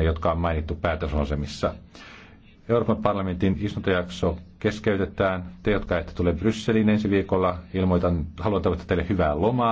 ne jotka on mainittu päätösasemissa. Euroopan parlamentin istuntojakso keskeytetään. Te, jotka ette tule Brysseliin ensi viikolla, ilmoitan, haluan toivottaa teille hyvää lomaa.